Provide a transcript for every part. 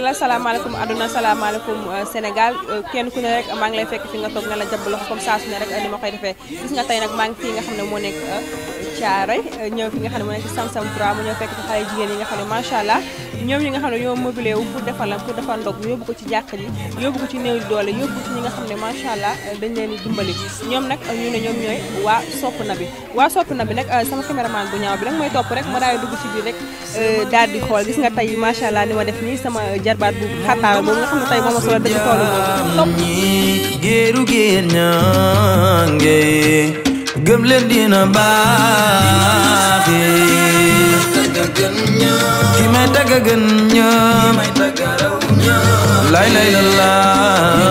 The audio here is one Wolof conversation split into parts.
la salaamaaleykum aduna salaamaaleykum euh, Sénégal euh, kenn ku ne rek maa ngi lay fekk fi nga toog ne la jàpp loxo comme saa su ne rek ni ma koy defee gis nga tey nag maa ngi fii nga xam ne moo nekk euh, Thiaré ñëw fi nga xam ne mu Sam Sam 3 mu ñëw fekk ci xale jigéen yi nga xam ne macha allah ñoom ñi nga xam ne ñoo mobilé wu pour defal pour defal ndog yóbbu ko ci jàkk ji yóbbu ko ci néew doole yóbbu ci nga xam ne macha allah dañ leen di dimbali ñoom ñu ne ñoom ñooy waa sopp na bi sopp na bi euh, sama caméraman bu ñaaw bi nag mooy topp rek ma daal dugg ci biir rek euh, daal di xool gis nga allah ni ma def sama jarbaat bu xataar boobu nga xam ne tey em lên đi na bagi Himay tagagan niya Lai lai la la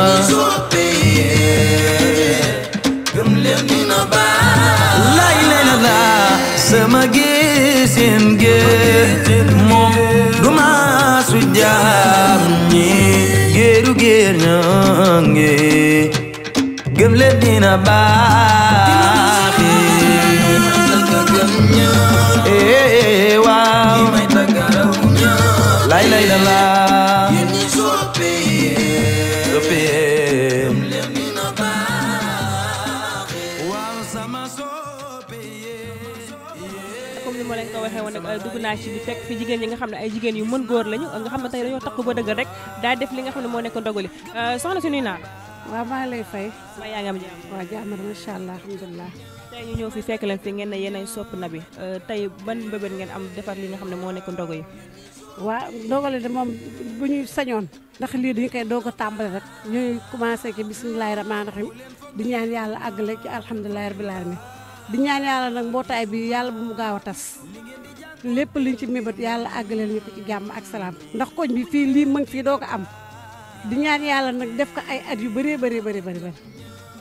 Lai lai la la Semagisin gejit mo Gumasu jahangi Geru gernyang Gemlet di na bagi Euh, dugg naa ci di fekk fi jigéen ñi nga xam ne ay jigéen yu mën góor lañu nga xam ne tey dañoo takku ba dëgg rek daa def li nga xam ne moo nekkoon dogali euh, soxna si nuy naa waaw maa lay fay ma yaa ngi am jàmm waaw jàmm rek incha allah alhamdulilah tey ñu ñëw fi fekk leen fi ngeen ne yéen ay sopp na bi euh, tey ban mbébét ngeen am defar li nga xam ne moo nekk ndogo yi waa ndogale de moom bu ñuy sañoon ndax lii dañu koy doog a rek ñuy commencé bisimilahi rahim di ñaan yàlla àggale ci rabil di ñaan yàlla nag mbootaay bi yàlla bu mu gaaw a tas lépp liñ ci mébét yàlla àggaleel ñu ko ci jàmm ak salaam ndax koñ bi fii lii mu ngi fii doo ko am di ñaan yàlla nag def ko ay at yu bëree bëri bëri bëri bëri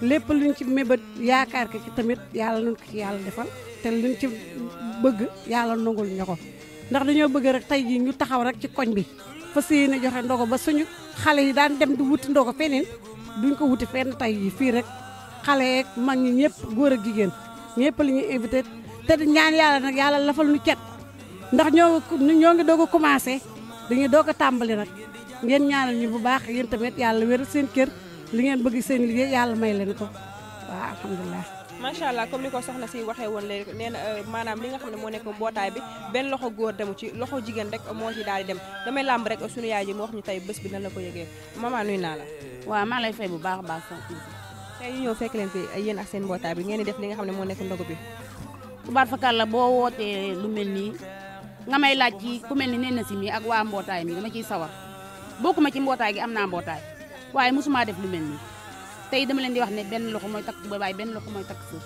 lépp luñ ci mébét yaakaar ko ci tamit yàlla nun ko ci yàlla defal te luñ ci bëgg yàlla nangul ñu ko ndax dañoo bëgg rek tey jii ñu taxaw rek ci koñ bi fas yéene joxe ndogo ba suñu xale yi daan dem di wuti ndogo feneen duñ ko wuti fenn tey jii fii rek xale yeek mag ñi ñëpp góor ak jigéen ñëpp li ñuy ndax ñoo ñoo ngi doog a commencé dañuy doog a tàmbali nag ngeen ñaanal ñu bu baax yéen tamit yàlla wér seen kër li ngeen bëgg seen liggéey yàlla may leen ko waaw alhamdulilah. macha allah comme ni ko soxna si waxee woon léegi nee na euh, maanaam li nga xam ne moo nekk mbootaay bi benn loxo góor demu ci loxo jigéen rek moo ci daal di dem damay làmb rek suñu yaay ji mu wax ñu tey bés bi nan la ko yëgee maman nuyu naa la. waaw maa lay fay bu baax a baax soxna tey ñëw fekk leen fi yéen ak seen mbootaay bi ngeen di def li nga xam ne moo nekk ndogu bi. tubaar fakal nga may laaj ci ku mel ni nee na si ak waa mbootaay mi ma ciy sawar bokkuma ci mbootaay gi am naa mbootaay waaye mosuma def lu mel nii tey dama leen di wax ne benn loxo mooy takk ba baay benn loxo mooy takk suuf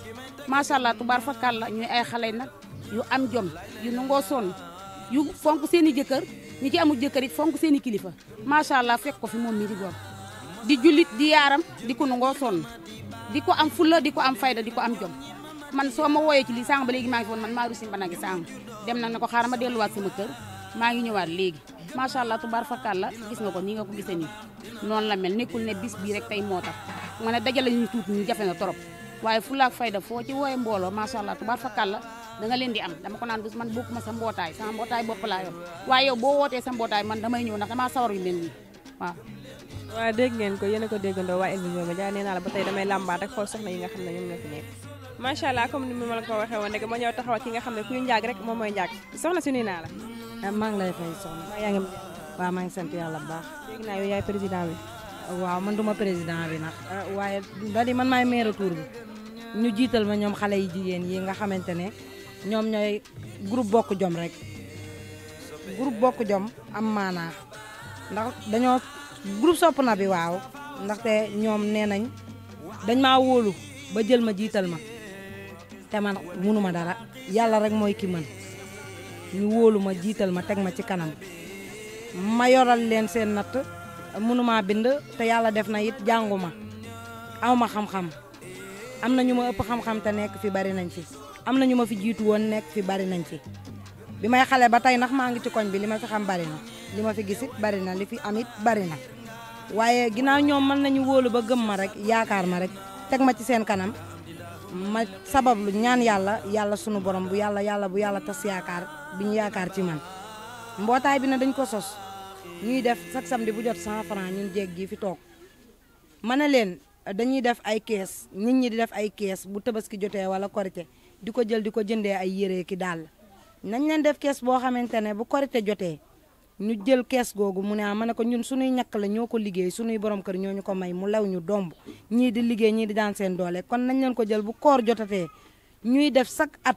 macha allah tubaar fakal la ñuy ay xale nag yu am jom yu nangoo sonn yu fonk seeni jëkkër ñi ci amul jëkkër it fonk seeni kilifa macha allah fekk ko fi moom mi di góor di jullit di yaaram di ko nangoo sonn di ko am fulla di ko am fayda di ko am jom man so ma woyé ci li sang ba légui ma ngi fon man ma rusin ba nagi sang dem nag nako xaar ma ma wat sama kër ma ngi ñëwaat ma sha allah tubar fakkaat la gis nga ko ni nga ko gisé ni non la mel nekul ne bis bi rek tay motax tax ma ne dajale ñu tuut ñu jafé na waye waaye fulaak fayda fo ci mbolo ma sha allah tubar fakkaat la da nga leen di am dama ko naan bés man bokuma sa mbotay sa mbotay bop la yow waye yow bo woté sa mbotay man damay ñëw nak dama sawar yu mel ni wa wa deg ngeen ko yene a ko déggandoo waa El Vision Médias ja neena la ba tey damay lambat ak xol soxna yi nga xam ñoom ñoo fi nekk macha allah comme ni ma la ko waxee woon rek ma ñëw taxawal ki nga xam ne kuy njaag rek moom mooy njaag soxna si nuyu naa la. Ah, maa ngi lay fay soxna. maa ngi waaw maa ngi sant yàlla bu baax. dégg naa yow yaay président bi. waaw man duma président bi nag. Ah, waaye dali man maay maire tour bi ñu jiital ma ñoom xale yi jigéen yi nga xamante ne ñoom groupe bokk jom rek groupe bokk jom am maanaa ndax dañoo groupe sopp na bi waaw ndaxte ñoom nee nañ dañ maa wóolu ba jël ma jiital ma. te man munuma dara yàlla rek mooy ki mën ñu wóolu jiital ma teg ma ci kanam ma yoral leen seen natt munuma bind te yàlla def na it jàngu awma aw xam-xam am na ñu ma ëpp xam-xam te nekk fi bari nañ ci am na ñu ma fi jiit woon nekk fi bari nañ fi bi may xale ba tey nax maa ngi ci koñ bi li ma fi xam bari na li ma fi gisit bari na li fi amit bari na waaye ginnaaw ñoom mën nañu wóolu ba gëm ma rek yaakaar ma rek teg ma ci seen kanam ma sabablu ñaan yàlla yàlla sunu borom bu yàlla yàlla bu yàlla tas yaakaar bi ñu yaakaar ci man mbootaay bi na dañ ko sos ñuy def chaque samedi bu jot 100 francs ñun jéeg gi fi toog ma ne leen dañuy def ay kees nit ñi di def ay kees bu tabaski jotee wala korite di ko jël di ko jëndee ay yére ki daal nañ leen def kees boo xamante ne bu korite jotee ñu jël caisse googu mu ne am ah, ma ko ñun suñuy ñak la ñoko liggéey suñuy borom kër ñoñu ko may mu law ñu domb ñi di liggéey ñi di daan seen doole kon nañ leen ko jël bu koor jotaté ñuy def sak at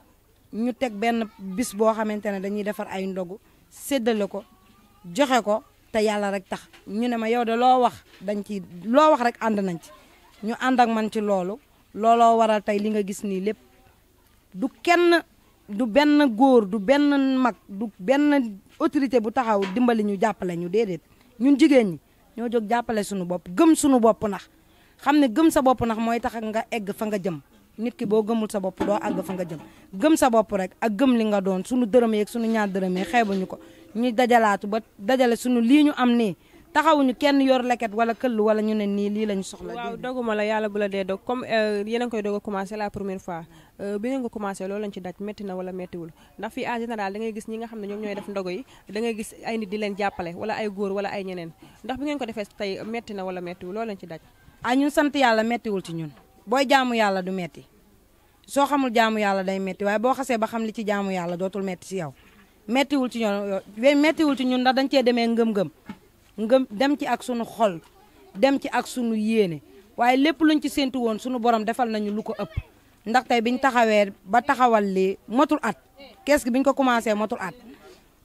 ñu tek ben bis bo xamantene dañuy defar ay ndogu séddale ko joxé ko té yalla rek tax ñu ne ma yow de lo wax dañ ci lo wax rek and nañ ci ñu and ak man ci loolu looloo waral tay li nga gis ni lepp du kenn du ben goor du ben mag du ben autorité bu taxaw dimbali ñu jàppale ñu déedéet ñun jigéen ñi ñoo jóg jàppale suñu bopp gëm suñu bopp nax xam ne gëm sa bopp nax mooy tax nga egg fa nga jëm nit ki boo gëmul sa bopp doo àgg fa nga jëm gëm sa bopp rek ak gëm li nga doon suñu dërëm yeeg suñu ñaar dërëm yi xeebuñu ko ñu dajalaatu ba dajale suñu lii ñu am nii taxawuñu kenn yor leket wala këll wala ñu ne nii lii lañu soxla. waaw doguma la yàlla bu la dee dog comme euh, yéen a ngi koy commencé la première fois euh, bi ngeen ko commencé loolu lañ ci daj métti na wala méttiwul ndax fii en général da ngay gis ñi nga xam ne ñoom ñooy def ndogo yi da gis ay nit di leen jàppale wala ay góor ñeneen ndax bi ngeen ko defee tey métti na wala méttiwul loolu lañ ci daj. ah ñun sant yàlla méttiwul ci ñun booy jaamu yàlla du metti soo xamul jaamu yàlla day metti waaye boo xasee ba xam li ci jaamu yàlla dootul metti ci yow mettiwul ci ñoom mettiwul ci ñun ndax dañ cee demee ngëm nga dem ci ak sunu xol dem ci ak sunu yéene waaye lépp luñ ci séntu woon sunu borom defal nañu lu ko ëpp ndax tey biñ taxawee ba taxawal li motul at kees gi biñ ko commencé motul at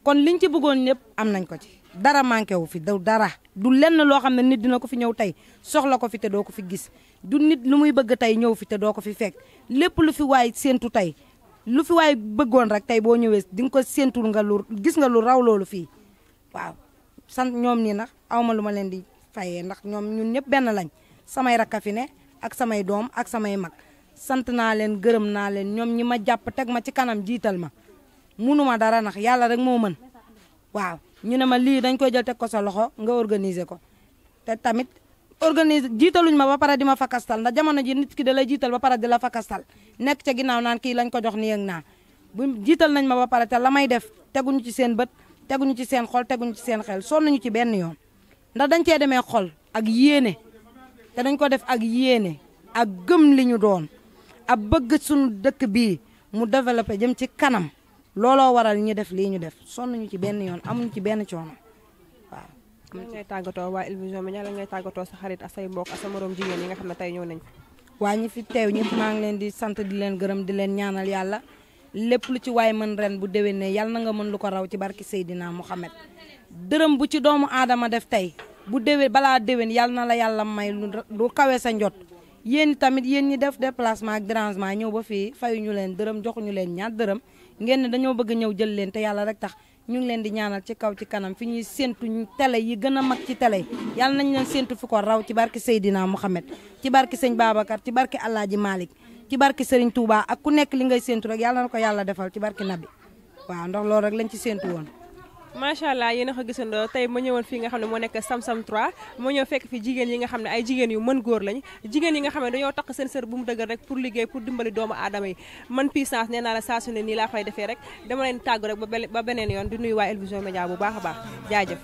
kon liñ ci bëggoon ñëpp am nañ ko ci dara manqué wu fi du dara du lenn loo xam ne nit dina ko fi ñëw tey soxla ko fi te doo ko fi gis du nit lu muy bëgg tey ñëw fi te doo ko fi fekk lépp lu fi waay séntu tey lu fi waay bëggoon rek tey boo ñëwee di nga ko séntul nga gis nga lu raw loolu fii waaw sant ñoom nii nag awma lu ma leen di fayee ndax ñoom ñun ñëpp benn lañ samay rakka ak samay doom ak samay mag sant naa leen gërëm naa leen ñoom ñi ma jàpp teg ma ci kanam jiital ma munuma dara nax yàlla rek moo mën waaw ñu ne ma lii dañ koy jël ko sa loxo nga organiser ko te tamit organiser jiitaluñ ma ba pare di ma fakastal ndax jamono ji nit ki da lay jiital ba pare la fakastal nekk ca ginnaaw naan kii lañ ko jox nii ak naa jiital nañ ma ba pare te la may def teguñu ci seen bët teguñu ci seen xol teguñu ci seen xel soon ñu ci benn yoon ndax dañ cee demee xol ak yéene te dañ ko def ak yéene ak gëm li ñu doon ak bëgg suñu dëkk bii mu developpe jëm ci kanam looloo waral ñu def lii ñu def sonn ñu ci benn yoon amuñu ci benn coono waaw. lan ngay tàggatoo waa El Vision Médias lan ngay tàggatoo sa xarit ak say mbokk ak sa jigéen yi nga xam ne tey ñëw nañ ko. waa ñi fi teew ñëpp maa ngi leen di sant di leen gërëm di leen ñaanal yàlla. lépp lu ci waay mën ren bu déwénee yàlla na nga mën lu ko raw ci barki Seydina Mohamed dërëm bu ci doomu aadama def tey bu déwén balaa déwén yàlla na la yàlla may lu kawe sa njot yéen tamit yéen ñi def déplacement ak dérangement ñëw ba fii fayuñu leen dërëm joxuñu leen ñaar dërëm ngeen ne dañoo bëgg ñëw jël leen te yàlla rek tax ñu ngi leen di ñaanal ci kaw ci kanam fi ñuy séntu télé yi gën a mag ci télé yàlla nañ leen séntu fi ko raw ci barki Seydina Mohamed ci barki sëñ Babacar ci barki Alaaji Malick ci barke Serigne Touba ak ku nekk li ngay séntu rek yàlla na ko yàlla defal ci barke Nabi waaw ndax loolu rek lañ ci séntu woon. macha allah yéen a ko gisandoo tey ma ñëwoon fii nga xam ne moo nekk Samsam 3 ma ñëw fekk fi jigéen yi nga xam ne ay jigéen yu mën góor lañ jigéen yi nga xam ne dañoo takk seen sër bu mu dëgër rek pour liggéey pour dimbali doomu aadama yi man puissance nee la saa su ne nii laa koy defee rek dama leen tàggu rek ba beneen yoon di nuyu waa El Vision Médias a baax jaajëf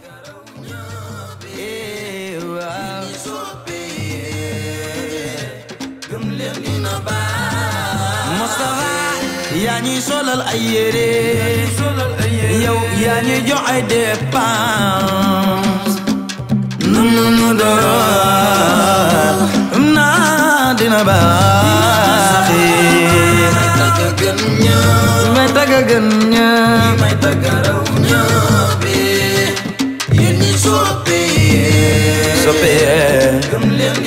gëm Moustapha yaa ñuy solal ay yére yow yaa ñuy jox ay dépense nu nu nu doon naa dina baaxee may tagga gën ñaa soppee soppee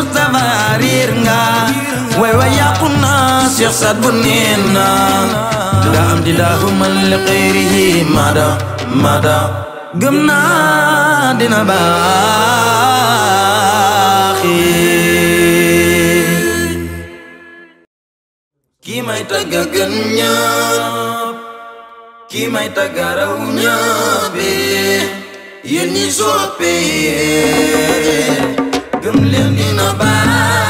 Cheikh Saad bu nee na laa am di laa humal li xayrihi mada mada gëm naa dina baaxi kii may tagga gën ñëpp kii may tagga raw ñëpp yéen ñi soppee gëm leen dina baax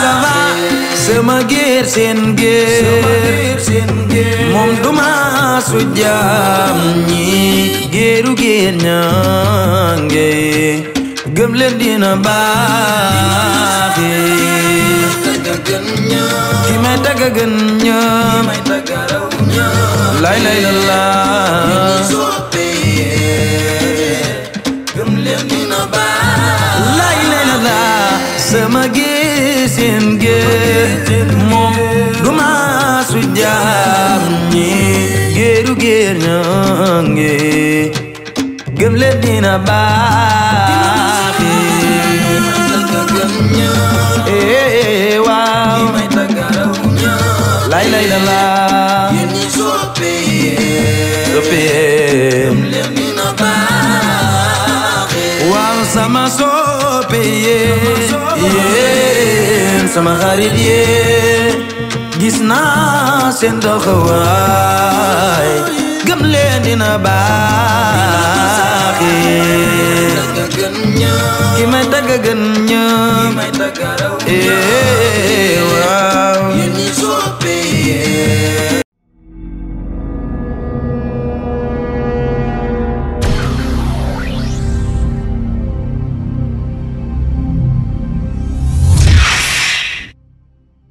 ça va sama géer seen géer moom duma su jaam ñi géeru géer ñange gëm leen dina baaxe ki may tagga gën ñoom lay lay la simge moom du maasu jaar ñi géeru géer ñange gëm leen dina baaxe ee waaw lay lay la la soppeye waaw sama soppeye sama xarit yee gis naa seen doxawaay gëm leen dina baaxee ki may tagg gën ñoom